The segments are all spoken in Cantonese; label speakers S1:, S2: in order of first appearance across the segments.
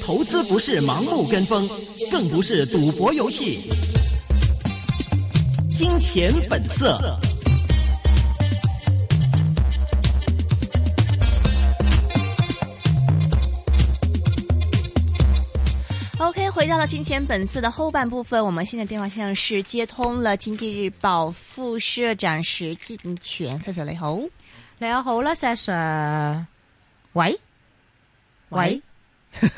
S1: 投資不是盲目跟風，更不是賭博遊戲。金錢本色。
S2: OK，回到了金錢本色的後半部分，我們現在電話線是接通了《經濟日報》副社長石鏡泉，大家好。你好啦，石 Sir，
S3: 喂，喂，
S2: 不知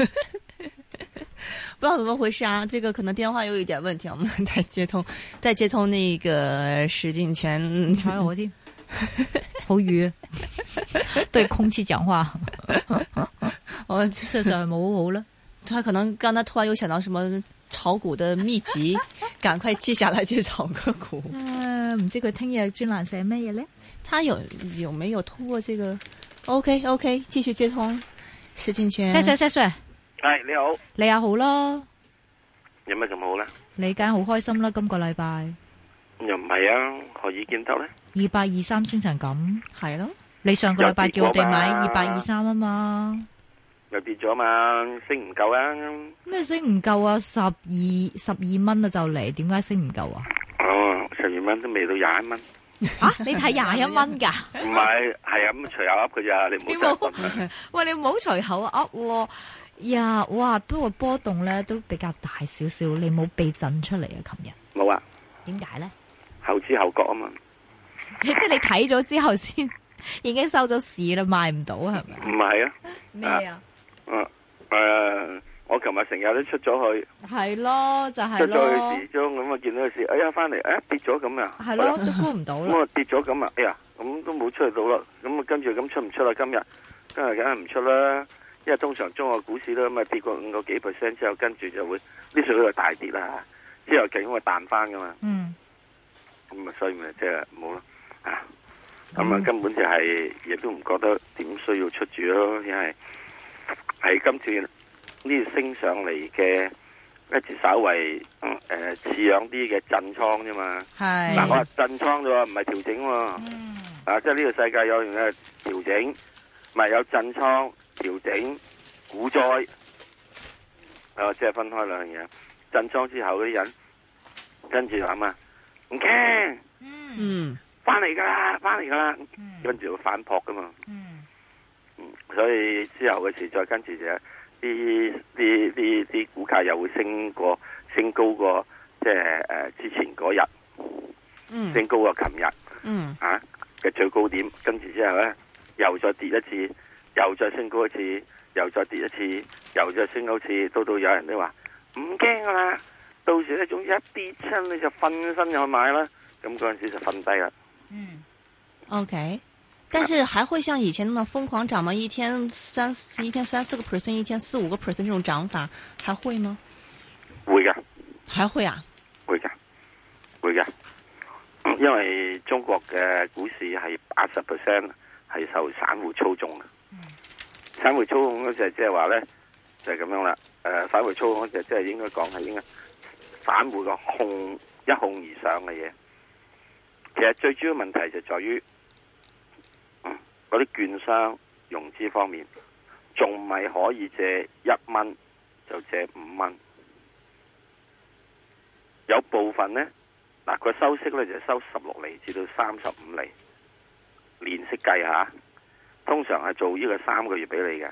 S2: 道怎麼回事啊？這個可能電話又有點問題，我們再接通，再接通。那個石鏡泉，好、哎、我聽，好魚， 對
S3: 空氣講話。
S2: 我、 啊啊啊、 石 Sir 冇好啦，他可能剛才突然又想到什麼炒股的秘籍，趕快記下來去炒個股。唔、 啊、知佢聽日專欄寫咩嘢呢？他有有沒有通過、啊、這個？OK OK，繼續接通。石鏡泉，Sir Sir Sir Sir，係你好，你又好啦，
S1: 有咩咁好咧？
S3: 你梗係好開心啦，今個禮拜
S1: 又唔係啊？何以見得咧？
S3: 二八二三先成咁，係咯？你上個禮拜叫我哋買二八二三啊嘛，
S1: 又跌咗嘛，升唔夠啊？咩
S3: 升唔夠啊？十二十二蚊啊就嚟，點解升唔夠啊？
S1: 哦，十二蚊都未到廿一蚊。
S3: 啊！你睇廿一蚊噶，
S1: 唔係係啊，咁隨口噏嘅咋，你唔好擔心。
S3: 喂，你唔好隨口噏呀！哇，不過波動咧都比較大少少，你冇被震出嚟啊？琴日冇啊？點解咧？
S1: 後知後覺啊嘛，
S3: 即係你睇咗之後先，已經收咗市啦，買唔
S1: 到係咪？唔係啊？咩啊？嗯誒、啊。啊啊啊我琴日成日都出咗去，係咯，
S3: 就係、是、咯。出咗去時
S1: 鐘咁啊，見到個市，哎呀，翻嚟，誒，跌咗咁啊，係咯，都估唔到。咁啊，跌咗咁啊，哎呀，咁都冇出去到咯。咁、哎哎、啊，跟住咁出唔出啦？今日今日梗係唔出啦，因為通常中國股市都咁啊跌過五個幾 percent 之後，跟住就會啲水佢又大跌啦，之後勁會彈翻噶嘛。嗯。咁啊，所以咪即係冇咯，啊，咁啊、嗯，根本就係亦都唔覺得點需要出住咯，因為喺今次。啲升上嚟嘅一直稍為誒似樣啲嘅震倉啫嘛。嗱我話，震倉啫喎，唔係調整喎，啊即係呢個世界有樣嘢調整，唔係有震倉調整股災啊，即係分開兩樣嘢震倉之後嗰啲人跟住諗啊，唔驚，嗯，翻嚟噶啦，翻嚟噶啦，跟住會反撲噶嘛，嗯，所以之後嘅事再跟住就。啲啲啲啲股價又會升過，升高過即係誒之前嗰日，
S4: 嗯，升高過琴日，嗯
S1: 啊嘅最高點，跟住之後咧又再跌一次，又再升高一次，又再跌一次，又再升高一次，到到有人都話唔驚啦，到時咧，總之一跌親你就瞓身就去買啦，咁嗰陣時就瞓低啦。
S2: 嗯，OK。但是還會像以前那麼瘋狂漲嗎？一天三一天三四個 percent，一天四五個 percent，呢種漲法還會嗎？
S1: 會㗎，還會啊？會㗎，會㗎，因為中國嘅股市係八十 percent 係受散戶操縱嘅。散戶操控嗰時即係話咧，就係咁樣啦。誒，散戶操控就即係、就是呃、應該講係應該散戶個控一控而上嘅嘢，其實最主要的問題就在於。嗰啲券商融資方面仲咪可以借一蚊就借五蚊，有部分呢，嗱，佢收息呢，就收十六厘至到三十五厘，年息計下，通常係做呢個三個月俾你嘅，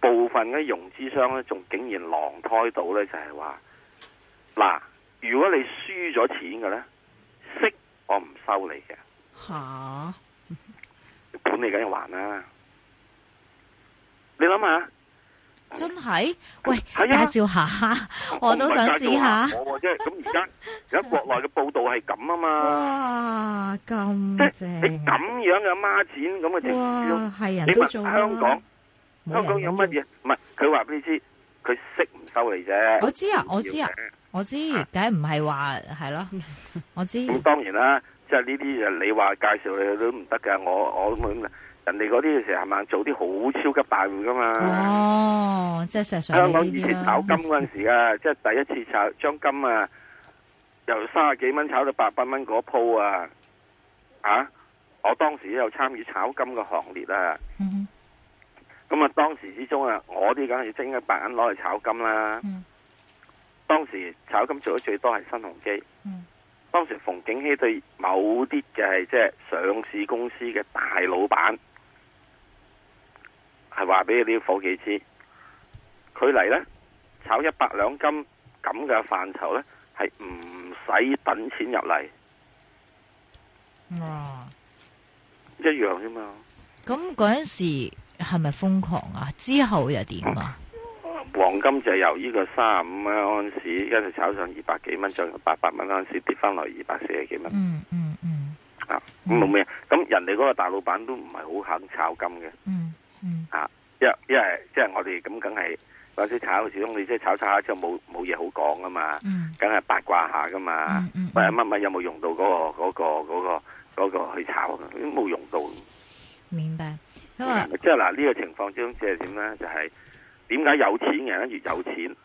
S1: 部分嘅融資商呢，仲竟然狼胎到呢，就係話嗱，如果你輸咗錢嘅呢，息，我唔收你嘅吓。本嚟梗要還啦，你諗下、嗯，
S3: 真係，喂，啊、介紹下，
S1: 我都想試下。我即係咁，而家而家國內嘅報道係咁啊嘛。
S3: 哇，咁
S1: 正，咁、欸、樣嘅孖錢咁嘅情況，係人都做、啊、香港做香港有乜嘢？唔係佢話俾你知，佢息唔收你啫。我知，道啊，知，道我知道啊，我知道
S3: 啊，我知道，梗係唔係話係咯， 我知。咁
S1: 當然啦。即係呢啲，你話介紹你都唔得噶。我我咁，人哋嗰啲成日咪做啲好超級大戶噶嘛。
S3: 哦，即係成香港以前炒金嗰
S1: 陣時啊、嗯，即係第一次炒將金啊，由三十幾蚊炒到八百蚊嗰鋪啊。吓、啊，我當時有參與炒金嘅行列啊。咁、嗯、啊，當時之中啊，我啲梗係要蒸一白銀攞嚟炒金啦、啊。嗯。當時炒金做得最多係新鴻基。嗯當時馮景熙對某啲嘅係即係上市公司嘅大老闆，係話俾啲伙計知，佢嚟，呢炒一百兩金咁嘅範疇呢，係唔使等錢入嚟。哇，一樣啫嘛。
S3: 咁嗰陣時係咪瘋狂啊？之後又點啊？嗯
S1: 黃金就由呢個三十五蚊安市，一直炒上二百幾蚊，再由八百蚊安市跌翻落二百四十幾蚊。嗯嗯嗯。啊，咁冇咩？咁人哋嗰個大老闆都唔係好肯炒金嘅。嗯嗯。啊，因為因為即係我哋咁，梗係或者炒，始終你即係炒炒下，之後冇冇嘢好講噶嘛。嗯。梗係八卦下噶嘛。嗯嗯。喂，乜乜有冇用到嗰、嗰個、嗰個、嗰個、嗰個嗰個去炒？都冇用到。
S4: 明白。咁
S1: 啊。即係嗱，呢個情況，之中即係點咧？就係、是。點解有錢人越有錢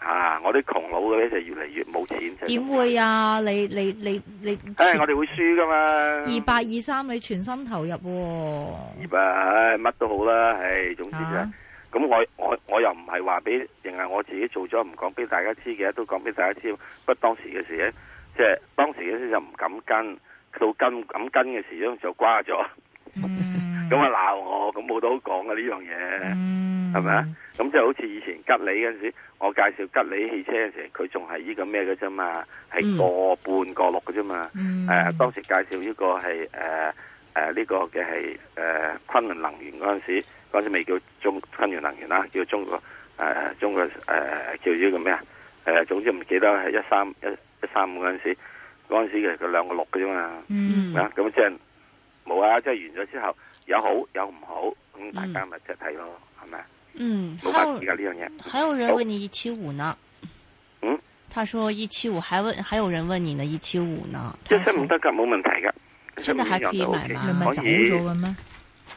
S1: 啊？我啲窮佬嘅咧就越嚟越冇錢。點
S3: 會啊？你你你你誒、哎，我
S1: 哋會輸噶嘛？二
S3: 八二三，你全身投入、哦。
S1: 二八，唉，乜都好啦，唉，總之啊，咁我我我又唔係話俾，淨係我自己做咗，唔講俾大家知嘅，都講俾大家知。不當時嘅事咧，即係當時嘅事就唔敢跟，到跟敢跟嘅時候就瓜咗。咁啊嗱。 咁冇得好講，啊，呢樣嘢係咪啊？咁即係好似以前吉利嗰陣時，我介紹吉利汽車嗰陣時佢仲係呢個咩嘅啫嘛？係個半個六嘅啫嘛？誒、mm -hmm. 啊，當時介紹呢個係誒誒呢個嘅係誒昆侖能源嗰陣時，嗰時未叫中昆侖能源啦，啊，叫中國誒、啊、中國誒叫呢個咩啊？誒、啊，總之唔記得係一三一一三五嗰陣時，嗰陣時其實佢兩個六嘅啫嘛？Mm -hmm. 啊，咁即係冇啊！即、就、係、是、完咗之後。有好有唔好，咁大家咪即係睇咯，係咪啊？嗯，
S2: 還、嗯、呢
S1: 樣嘢還有
S2: 人問你一七五呢？嗯，他說一七五還問，還有人問你呢？一七五呢？一七
S1: 五得噶，冇問題噶。現在還可以買嗎？買們們走咗噶咩？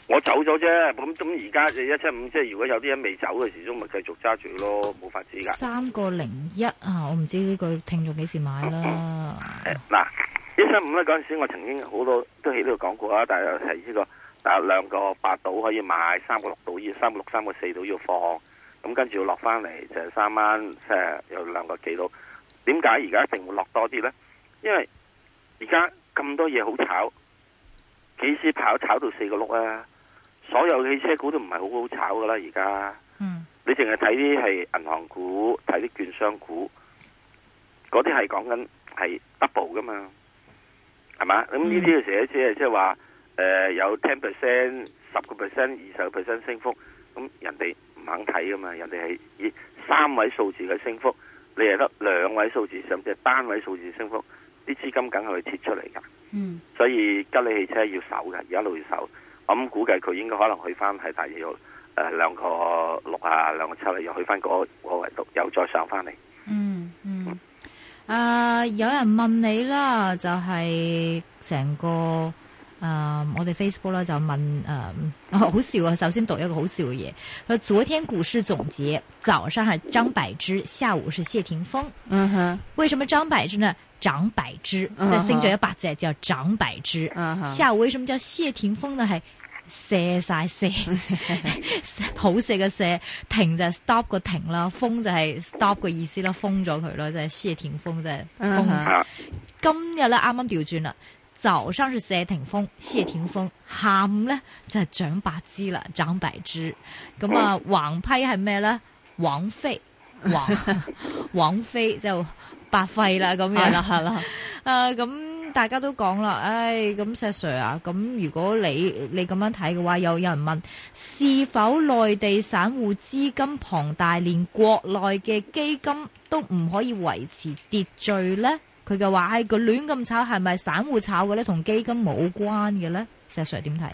S1: 我走咗啫，咁咁而家就一七五，即係如果有啲人未走嘅時候，都咪繼續揸住咯，冇法子噶。三
S3: 個零一啊，我唔知呢個聽眾幾時買啦？
S1: 嗱、嗯，一七五咧嗰陣時，我曾經好多都喺呢度講過啦，但係又提呢個。啊，兩個八到可以買，三個六到三個六三個四到要放，咁跟住要落翻嚟，成、就是、三蚊，即、呃、係有兩個幾到。點解而家一定會落多啲咧？因為而家咁多嘢好炒，幾時跑炒到四個六啊？所有汽車股都唔係好好炒噶啦，而家。
S4: 嗯。
S1: 你淨係睇啲係銀行股，睇啲券商股，嗰啲係講緊係 double 噶嘛？係嘛？咁呢啲嘅時咧，即係即係話。誒、呃，有 ten percent 十個 percent 二十個 percent 升幅，咁人哋唔肯睇噶嘛？人哋係以三位數字嘅升幅，你係得兩位數字上，即係單位數字升幅，啲資金梗係會撤出嚟噶。嗯，所以吉利汽車要守嘅，而家路要守。咁估計佢應該可能去翻係大約有誒兩個六啊，兩個七啊，又去翻，嗰個，嗰個位度，又再上翻嚟。嗯嗯。誒、嗯
S3: ，uh, 有人問你啦，就係、是、成個。誒、um，我哋 Facebook 咧就問誒、um, 哦，好笑啊、哦！首先讀一個好笑嘅嘢，佢昨天股市總結，早上係張柏芝，下午是謝霆鋒。嗯哼，為什麼張柏芝呢？漲柏芝，即、uh、係 -huh. 升咗一百隻叫漲柏芝。嗯哼，下午為什麼叫謝霆鋒呢？係射晒射， 好射嘅射，停就 stop 個停啦，封就係 stop 嘅意思啦，封咗佢咯，即、就、係、是、謝霆鋒，即係封。Uh -huh. 今日咧啱啱調轉啦。早上是謝霆鋒，謝霆鋒，下午咧就係張柏芝啦，張柏芝。咁啊，橫批係咩咧？王菲，王 王菲就白費啦，咁樣啦，係啦。啊，咁大家都講啦，唉、哎，咁石 sir 啊，咁如果你你咁樣睇嘅話，又有人問是否內地散戶資金龐大，連國內嘅基金都唔可以維持秩序咧？佢就話：，哎，個亂咁炒係咪散戶炒嘅咧？同基金冇關嘅咧？石 Sir 點睇？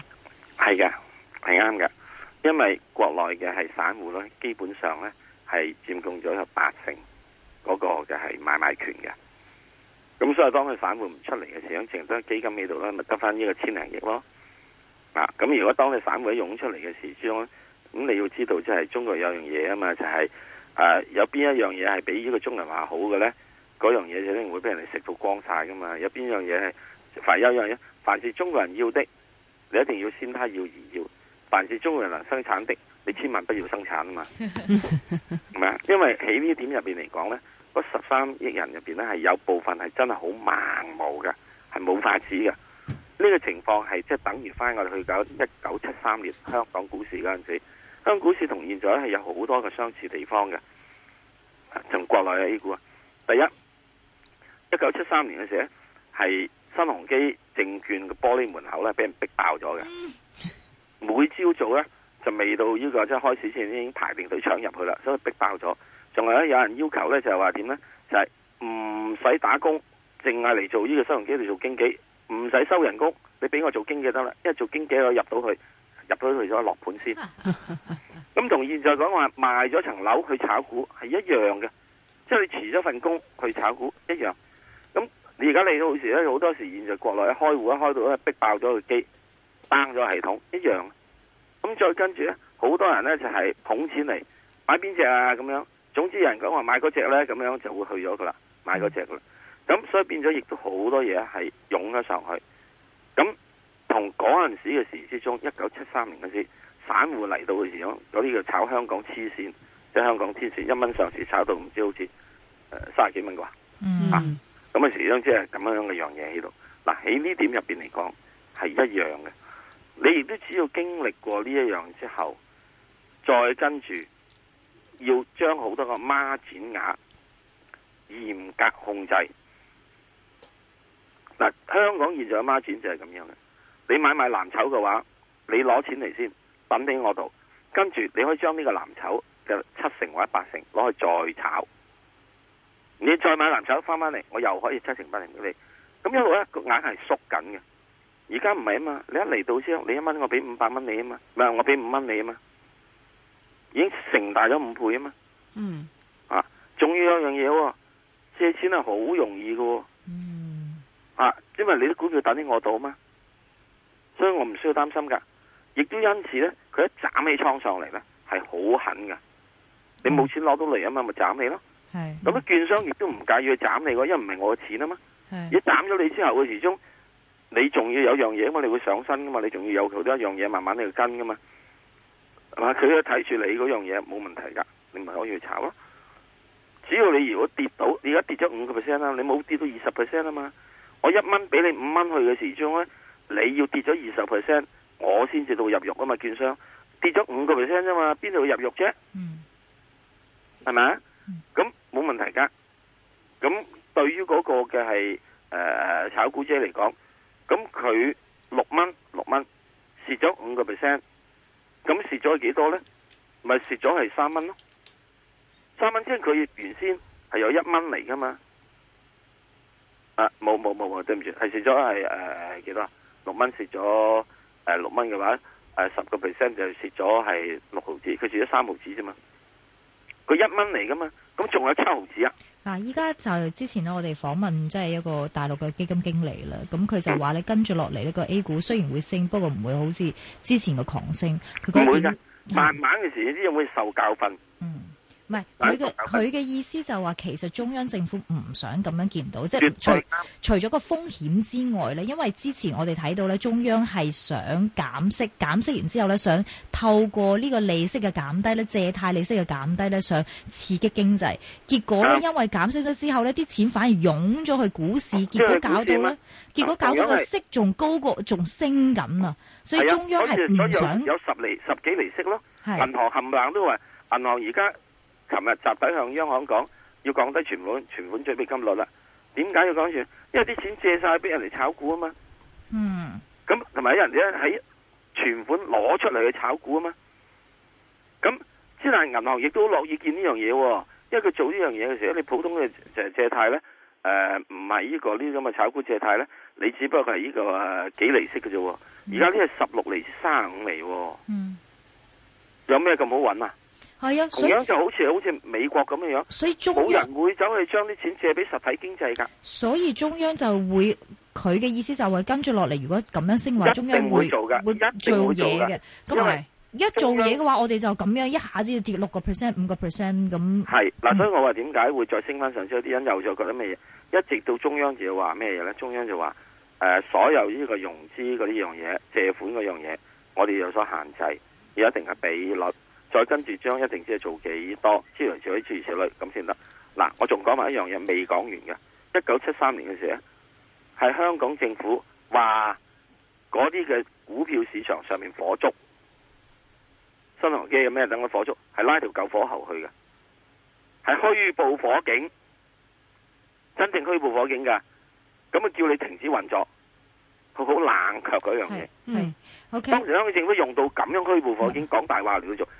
S1: 係嘅，係啱嘅，因為國內嘅係散戶咧，基本上咧係佔共咗有八成嗰個嘅係買賣權嘅。咁所以當佢散戶唔出嚟嘅時候，淨係得基金喺度咧，咪得翻呢個千零億咯。啊，咁如果當佢散戶湧出嚟嘅時，將咁你要知道，即係中國有樣嘢啊嘛，就係、是、誒、呃、有邊一樣嘢係比呢個中人話好嘅咧？嗰樣嘢就一定會俾人哋食到光晒噶嘛。有邊樣嘢係凡有一樣嘢，凡是中國人要的，你一定要先他要而要，凡是中國人能生產的，你千萬不要生產啊嘛。係 因為喺呢點入邊嚟講呢，嗰十三億人入邊呢係有部分係真係好盲目嘅，係冇法子嘅。呢個情況係即係等於翻我哋去搞一九七三年香港股市嗰陣時，香港股市同現在係有好多嘅相似地方嘅。從國內嘅 A 股啊，第一。一九七三年嘅時候咧，係新鴻基證券嘅玻璃門口咧，俾人逼爆咗嘅。每朝早咧就未到呢個即係開始之前已經排定隊搶入去啦，所以逼爆咗。仲係咧有人要求咧就係話點咧，就係唔使打工，淨係嚟做呢個新鴻基嚟做經紀，唔使收人工，你俾我做經紀得啦。因為做經紀我入到去，入到去咗落盤先。咁同現在講話賣咗層樓去炒股係一樣嘅，即係你辭咗份工去炒股一樣。你而家嚟到時咧，好多時現在國內一開戶一開到咧逼爆咗個機，崩咗系統一樣。咁再跟住咧，好多人咧就係、是、捧錢嚟買邊隻啊咁樣。總之有人講話買嗰隻咧，咁樣就會去咗佢啦，買嗰隻噶啦。咁所以變咗亦都好多嘢係湧咗上去。咁同嗰陣時嘅時之中，一九七三年嗰時散戶嚟到嘅時候，嗰啲叫炒香港黐線，即、就、係、是、香港黐線，一蚊上市炒到唔知好似誒卅幾蚊啩，
S4: 吓、嗯。啊。
S1: 咁啊，始終即係咁樣嘅樣嘢喺度。嗱，喺呢點入邊嚟講，係一樣嘅。你亦都只要經歷過呢一樣之後，再跟住要將好多個孖展額嚴格控制。嗱、啊，香港現在嘅孖展就係咁樣嘅。你買買藍籌嘅話，你攞錢嚟先，等喺我度，跟住你可以將呢個藍籌嘅七成或者八成攞去再炒。你再買藍籌翻翻嚟，我又可以七成八成俾你。咁一路咧個眼係縮緊嘅，而家唔係啊嘛。你一嚟到先，你一蚊我俾五百蚊你啊嘛，唔係我俾五蚊你啊嘛，已經成大咗五倍啊嘛。
S4: 嗯。
S1: 啊，仲要有樣嘢，借錢係好容易噶。嗯。啊，因為你啲股票等於我到啊嘛，所以我唔需要擔心噶。亦都因此咧，佢一斬起倉上嚟咧，係好狠噶。你冇錢攞到嚟啊嘛，咪斬你咯。咁啊，券商亦都唔介意去斬你噶，因為唔係我嘅錢啊嘛。你斬咗你之後嘅時鐘，你仲要有一樣嘢，我你會上身噶嘛？你仲要有佢多一樣嘢，慢慢你去跟噶嘛？係嘛？佢要睇住你嗰樣嘢，冇問題噶，你咪可以去炒咯。只要你如果跌到而家跌咗五個 percent 啦，你冇跌，跌到二十 percent 啊嘛？我一蚊俾你五蚊去嘅時鐘咧，你要跌咗二十 percent，我先至到入肉噶嘛？券商跌咗五個 percent 啫嘛，邊度會入肉啫？嗯，係咪咁。嗯冇問題噶，咁對於嗰個嘅係誒炒股者嚟講，咁佢六蚊六蚊蝕咗五個 percent，咁蝕咗幾多咧？咪蝕咗係三蚊咯，三蚊即係佢原先係有一蚊嚟噶嘛？啊，冇冇冇冇對唔住，係蝕咗係誒幾多？六蚊蝕咗誒六蚊嘅話，誒十個 percent 就蝕咗係六毫子，佢蝕咗三毫子啫嘛，佢一蚊嚟噶嘛。咁仲有七毫子
S3: 啊！嗱，依家就之前咧，我哋訪問即係一個大陸嘅基金經理啦。咁佢就話咧，跟住落嚟呢個 A 股雖然會升，不過唔會好似之前嘅狂升。佢講點？
S1: 慢慢嘅時，啲人會受教訓。嗯。
S3: 唔係，佢嘅佢嘅意思就話，其實中央政府唔想咁樣見到，即係除除咗個風險之外咧，因為之前我哋睇到咧，中央係想減息，減息完之後咧，想透過呢個利息嘅減低咧，借貸利息嘅減低咧，想刺激經濟。結果咧，因為減息咗之後呢啲錢反而湧咗去股市、就是是股，結果搞到咧，
S1: 結果搞到個息
S3: 仲高過，仲升緊啊！所以中央係唔想有，有十
S1: 釐、十幾釐息咯。銀行冚唪唥都話，銀行而家。琴日集體向央行講要降低存款存款準備金率啦，點解要講呢？因為啲錢借晒俾人嚟炒股啊嘛。
S4: 嗯。
S1: 咁同埋啲人咧喺存款攞出嚟去炒股啊嘛。咁雖然銀行亦都樂意見呢樣嘢，因為佢做呢樣嘢嘅時候，你普通嘅借貸咧，誒唔係呢個呢啲咁嘅炒股借貸咧，你只不過係呢、這個誒、啊、幾釐息嘅啫、啊。而家呢係十六釐三五釐。嗯。有咩咁好搵啊？
S3: 係啊所以，同樣就
S1: 好似好似美國咁嘅樣，所以中央冇人會走去將啲錢借俾實體經濟㗎。
S3: 所以中央就會佢嘅意思就係跟住落嚟，如果咁樣升話，中央會一
S1: 會做嘢嘅。咁咪一,
S3: 一做嘢嘅話，我哋就咁樣一下子就跌六個 percent、五個 percent 咁。
S1: 係、啊、嗱，所以我話點解會再升翻上升？之後啲人又再覺得咩嘢？一直到中央就要話咩嘢咧？中央就話誒、呃，所有呢個融資嗰啲樣嘢、借款嗰樣嘢，我哋有所限制，有一定嘅比率。再跟住將一定先係做幾多，諸如此類咁先得。嗱，我仲講埋一樣嘢，未講完嘅。一九七三年嘅時咧，係香港政府話嗰啲嘅股票市場上面火燭，新鴻基有咩等嘅火燭，係拉條舊火喉去嘅，係虛報火警，真正虛報火警噶，咁啊叫你停止運作，佢好冷酷嗰樣嘢。係，O K。嗯 okay. 當時香港政府用到咁樣虛報火警，講大話嚟做。嗯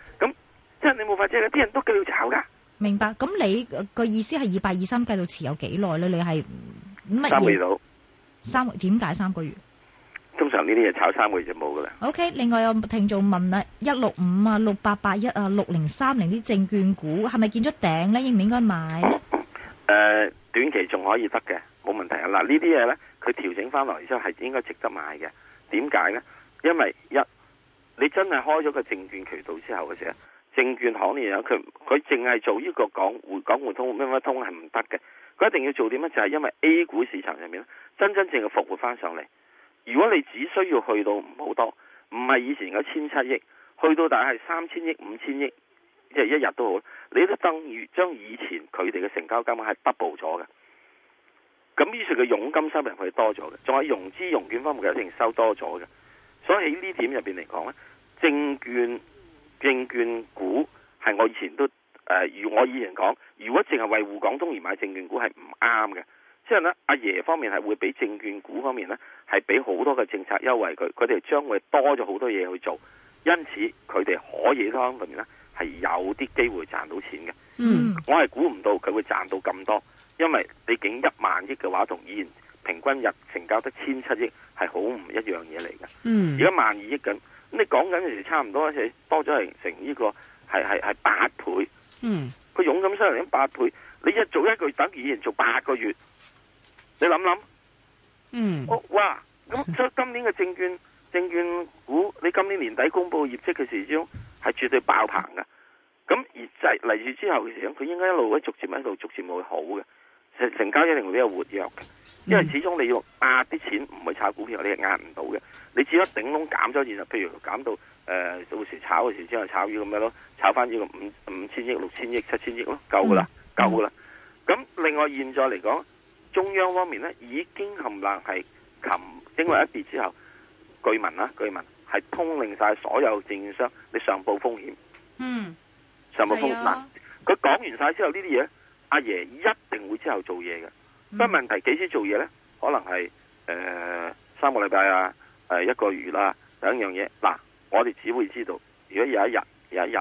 S1: 即係你冇法即係啲人都繼續
S3: 炒噶。明白，咁你個意思係二百二三計到持有幾耐咧？你係三個月，
S1: 三
S3: 點解三個月？
S1: 通常呢啲嘢炒三個月就冇噶啦。
S3: OK，另外有聽眾問啦：一六五啊，六八八一啊，六零三零啲證券股係咪見咗頂咧？應唔應該買？誒
S1: 呃，短期仲可以得嘅，冇問題啊。嗱，呢啲嘢咧，佢調整翻落嚟之後係應該值得買嘅。點解咧？因為一你真係開咗個證券渠道之後嘅時候。證券行呢樣佢佢淨係做呢個港滬港滬通咩咩通係唔得嘅，佢一定要做點乜就係、是、因為 A 股市場上面咧真真正正復活翻上嚟。如果你只需要去到唔好多，唔係以前嘅千七億，去到大係三千億五千億，即係、就是、一日都好，你都等於將以前佢哋嘅成交金額係 double 咗嘅。咁於是佢佣金收入去多咗嘅，仲有融資融券方面一定收多咗嘅。所以喺呢點入邊嚟講呢，證券。證券股係我以前都誒、呃，如我以前講，如果淨係維護廣東而買證券股係唔啱嘅。之後咧，阿爺方面係會俾證券股方面咧係俾好多嘅政策優惠佢，佢哋將會多咗好多嘢去做，因此佢哋可以方面咧係有啲機會賺到錢嘅。嗯、mm.，我係估唔到佢會賺到咁多，因為畢竟一萬億嘅話同以前平均日成交得千七億係好唔一樣嘢嚟嘅。嗯，而家萬二億緊。你講緊嘅時，差唔多係多咗係成呢個係係係八倍，
S4: 嗯，
S1: 佢勇敢商量八倍，你一做一個月，等於以前做八個月，你諗諗，
S4: 嗯，哦、
S1: 哇，咁所以今年嘅證券證券股，你今年年底公布的業績嘅時鐘係絕對爆棚嘅，咁而就嚟住之後嘅時佢應該一路喺逐漸喺度逐漸會好嘅。成交一定會比較活躍嘅，因為始終你要壓啲錢，唔去炒股票，你壓唔到嘅。你只係頂籠減咗件事，譬如減到誒、呃，到時炒嘅時之後炒呢咁樣咯，炒翻呢個五五千億、六千億、七千億咯，夠噶啦，夠噶啦。咁、嗯、另外現在嚟講，中央方面咧已經冚唪唥係琴，因為一跌之後，據聞啦，據聞係通令晒所有證券商，你上報風險，
S4: 嗯，上報風險。
S1: 嗱、啊，佢講完晒之後呢啲嘢。阿爺一定會之後做嘢嘅，不、嗯、過問題幾時做嘢呢？可能係誒、呃、三個禮拜啊，誒、呃、一個月啦、啊。兩樣嘢嗱，我哋只會知道，如果有一日有一日，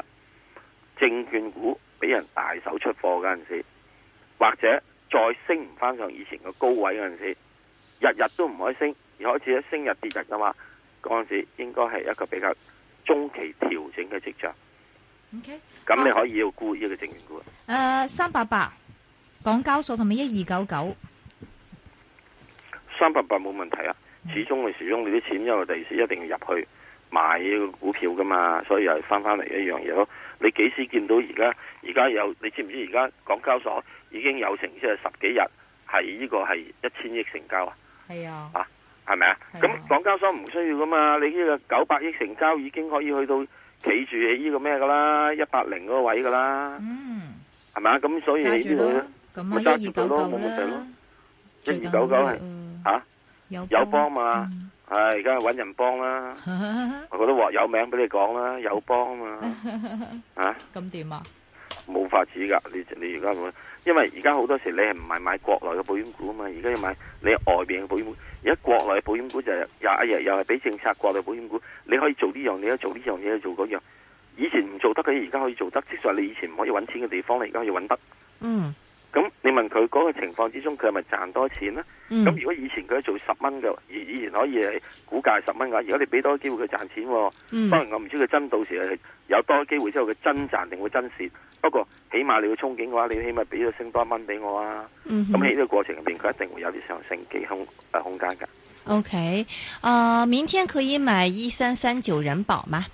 S1: 證券股俾人大手出貨嗰陣時，或者再升唔返上以前嘅高位嗰陣時，日日都唔可以升，而開始一升日跌日噶嘛，嗰陣時應該係一個比較中期調整嘅跡象。O K，咁你可以要估呢個證券股
S3: 三百八。Uh, 港交所同埋一二
S1: 九九三百八冇問題啊！始終，始終你啲錢因為第時一定要入去買呢個股票噶嘛，所以又係翻翻嚟一樣嘢咯。你幾時見到而家？而家有你知唔知？而家港交所已經有成即係十幾日係呢個係一千億成交啊！係啊，啊係咪啊？咁、啊、港交所唔需要噶嘛？你呢個九百億成交已經可以去到企住喺呢個咩噶啦？一百零嗰個位噶啦，嗯，係咪啊？咁所以你呢度、這個。嗯
S4: 咪一二九
S1: 九啦，一二九九係吓有幫、啊、有幫、啊嗯啊 啊啊 啊啊、嘛，係而家搵人幫啦。我覺得話有名俾你講啦，有幫嘛啊？咁點啊？冇法子噶，你你而家因為而家好多時你係唔係買國內嘅保險股啊？嘛，而家要買你外邊嘅保險股。而家國內嘅保險股就又一日又係俾政策國內保險股，你可以做呢樣，你可以做呢樣嘢，你做嗰樣、樣。以前唔做得嘅，而家可以做得，即係話你以前唔可以揾錢嘅地方，你而家可以揾得。嗯。咁你問佢嗰、個情況之中，佢係咪賺多錢呢？咁、嗯、如果以前佢做十蚊嘅，以以前可以係股價十蚊噶，如果你俾多機會佢賺錢、嗯，當然我唔知佢真到時係有多機會之後佢真賺定會真蝕。不過起碼你要憧憬嘅話，你起碼俾佢升多一蚊俾我啊！咁喺呢個過程入邊，佢一定會有啲上升幾空空間嘅。
S4: O K，
S2: 啊，明天可以買一三三九人保嗎？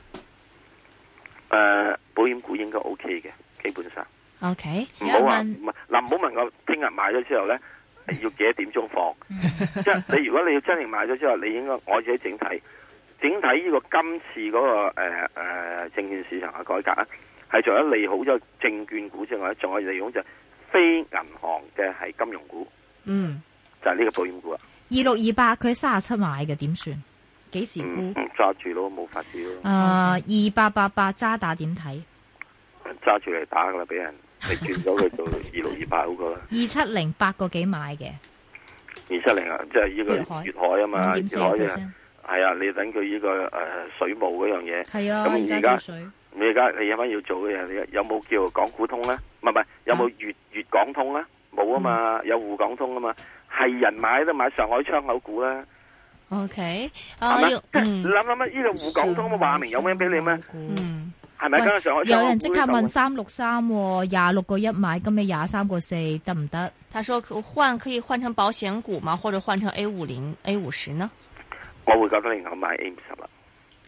S1: 誒、uh，保險股應該 O K 嘅，基本上。
S2: O K，唔好問，
S1: 唔係嗱，唔好問我聽日買咗之後咧， 要幾多點鐘放？即係你如果你要真正買咗之後，你應該我自己整體整體呢個今次嗰個誒誒證券市場嘅改革咧，係除咗利好咗證券股之外，仲可以利用就非銀行嘅係金融股。
S3: 嗯，
S1: 就係呢個保險股啊。
S3: 二六二八佢三十七買嘅點算？幾時沽？
S1: 揸住咯，冇法子咯。
S3: 二八八八揸打點睇？
S1: 揸住嚟打噶啦，俾人。 你轉咗佢做二六二八嗰個，二
S3: 七零八個幾買嘅，
S1: 二七零啊，即係呢個粵海啊嘛，粵海嘅，係啊，你等佢呢、這個誒、呃、水務嗰樣嘢，係啊，民間
S4: 水，
S1: 你而家你有乜要做嘅嘢？有冇叫港股通咧？唔係唔係，有冇粵粵港通咧？冇啊嘛，嗯、有滬港通啊嘛，係人買都買上海窗口股啦、啊。OK，啊，你諗諗乜呢個滬港通嘅話明有咩俾你咩？係咪？有人即刻問
S3: 三六三廿六個一買，今日廿三個四得唔得？他
S2: 說可換可以換成保險股嘛，或者換成 A 五零 A 五十呢？
S1: 我會覺得你唔好買 A 五十啦。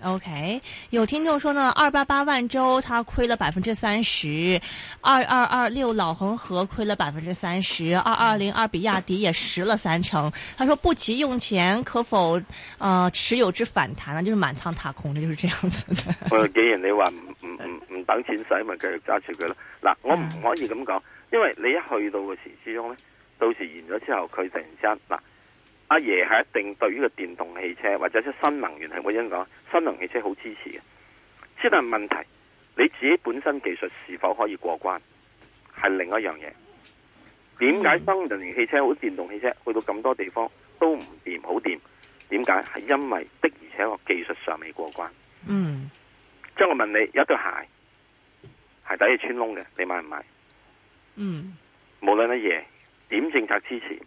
S2: OK，有聽眾說呢，二八八萬洲他虧了百分之三十二，二二六老恒和虧了百分之三十二，二零二比亞迪也蝕了三成。他說不急用錢，可否啊、呃、持有至反彈呢就是滿倉踏空的，那就是這樣
S1: 子的我。既然你話。唔唔唔等錢使咪繼續揸住佢咯，嗱，我唔可以咁講，因為你一去到嘅時之中咧，到時完咗之後佢突然之間嗱，阿爺係一定對於個電動汽車或者啲新能源係點講，新能源汽車好支持嘅，只但係問題你自己本身技術是否可以過關係另一樣嘢，
S4: 點解
S1: 新能源汽車好似電動汽車去到咁多地方都唔掂好掂？點解？係因為的而且確技術尚未過關。嗯。即我問你，有一對鞋，鞋底要穿窿嘅，你買唔買？嗯。無論乜嘢，點政策支持，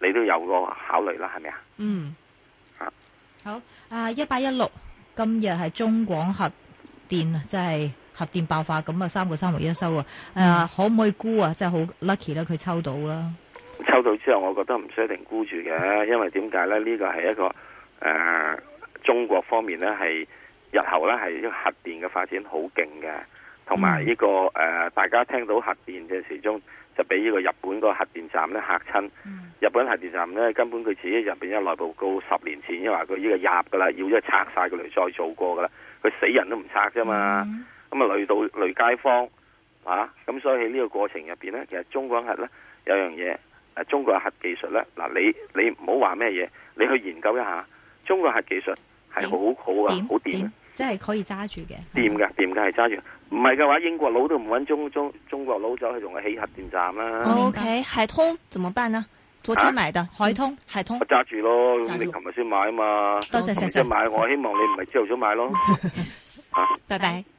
S1: 你都有個考慮啦，係咪？嗯啊，就
S4: 是，
S3: 啊。嗯。好啊！一八一六，今日係中廣核電，即係核電爆發，咁啊，三個三毫一收啊！誒，可唔可以沽啊？即係好 lucky 啦，佢抽到啦。
S1: 抽到之後，我覺得唔需要定沽住嘅，因為點解咧？呢，這個係一個誒，啊，中國方面咧係。是日後咧，係因為核電嘅發展好勁嘅，同埋呢個誒、嗯呃，大家聽到核電嘅時鐘就俾呢個日本個核電站咧，嚇親。日本核電站咧根本佢自己入邊一內部告十年前，因為佢呢個壓噶啦，要一拆晒佢嚟再做過噶啦，佢死人都唔拆啫嘛。咁、嗯、啊累到累街坊啊，咁所以喺呢個過程入邊咧，其實中國核咧有樣嘢，誒，中國核技術咧，嗱、啊、你你唔好話咩嘢，你去研究一下，中國核技術係好好啊，好掂。
S3: 即係可以揸住嘅，
S1: 掂噶，掂嘅係揸住，唔係嘅話英國佬都唔揾中中中國佬走去同佢起核電站啦、啊。O、okay,
S2: K，海通怎麼辦呢？昨天買的，海、啊、通，海通。我、
S1: 啊、揸住咯，住你琴日先買嘛？多謝晒晒。我先買，我希望你唔係朝頭早買咯。拜
S4: 拜、啊。Bye bye